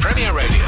Premier Radio.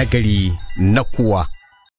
nagari na kuwa.